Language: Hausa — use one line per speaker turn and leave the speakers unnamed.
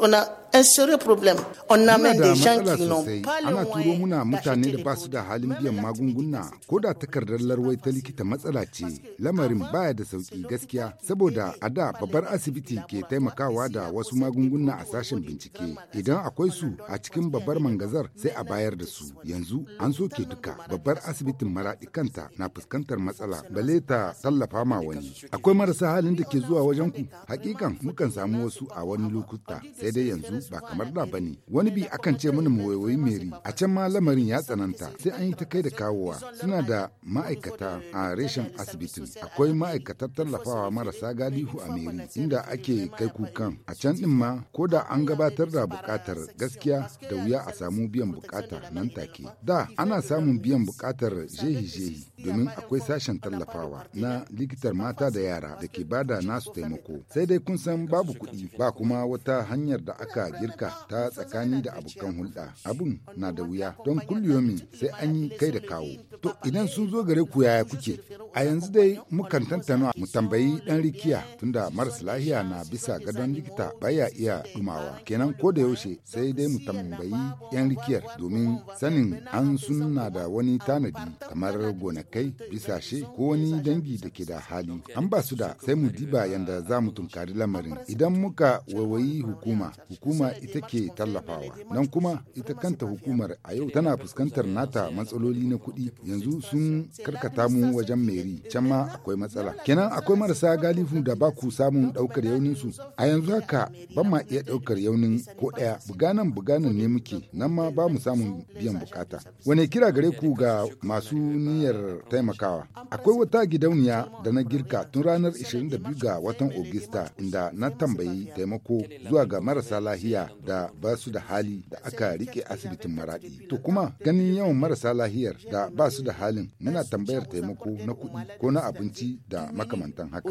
una un sérieux problème. On amène des gens qui n'ont pas Ana turo muna mutane da ba su da halin biyan magunguna ko da takardar larwai ta likita matsala ce. Lamarin baya da sauki gaskiya saboda a da babbar asibiti ke taimakawa da wasu magunguna a sashen bincike. Idan akwai su a cikin babbar mangazar sai a bayar da su. Yanzu an soke duka babbar asibitin maraɗi kanta na fuskantar matsala bale ta tallafa ma wani. Akwai marasa halin da ke zuwa wajen ku. Hakikan mukan samu wasu a wani lokuta sai dai yanzu ba kamar da bane wani bi akan ce mini mu wayoyi meri a can ma lamarin ya tsananta sai an yi ta kai da kawowa suna da ma'aikata a reshen asibitin akwai ma'aikatar tallafawa marasa galihu a meri inda ake kai kukan a can din ma ko da an gabatar da bukatar gaskiya da wuya a samu biyan bukata nan take da ana samun biyan bukatar jehi-jehi domin akwai sashen tallafawa na likitar mata da yara da ke bada nasu taimako sai dai kun san babu kuɗi ba kuma wata hanyar da aka girka ta tsakani da abokan hulɗa abun na da wuya don kulliyomi sai an yi kai da kawo to idan sun zo gare ku yaya kuke a yanzu dai mukan tantana mu tambayi dan rikiya tunda maras lahiya na bisa gadon likita baya iya dumawa kenan ko da yaushe sai dai mu tambayi yan rikiyar domin sanin an suna da wani tanadi kamar gonakai bisashe ko wani dangi da ke da hali an ba su da sai mu diba yanda za mu tunkari lamarin idan muka wawayi hukuma hukuma hukuma ita ke tallafawa nan kuma ita kanta hukumar a yau tana fuskantar nata matsaloli na kuɗi yanzu sun karkata mu wajen meri can ma akwai matsala kenan akwai marasa galifu da ba ku samun ɗaukar yaunin su a yanzu haka ban ma iya ɗaukar yaunin ko ɗaya buganan buganan ne muke nan ma ba mu samun biyan bukata wane kira gare ku ga masu niyyar taimakawa akwai wata gidauniya da na girka tun ranar 22 ga watan ogista inda na tambayi taimako zuwa ga marasa lahiya lafiya da ba su da hali da aka rike asibitin maraɗi. To kuma ganin yawan marasa lahiyar da ba su da halin muna tambayar taimako na kuɗi ko na abinci da makamantan haka.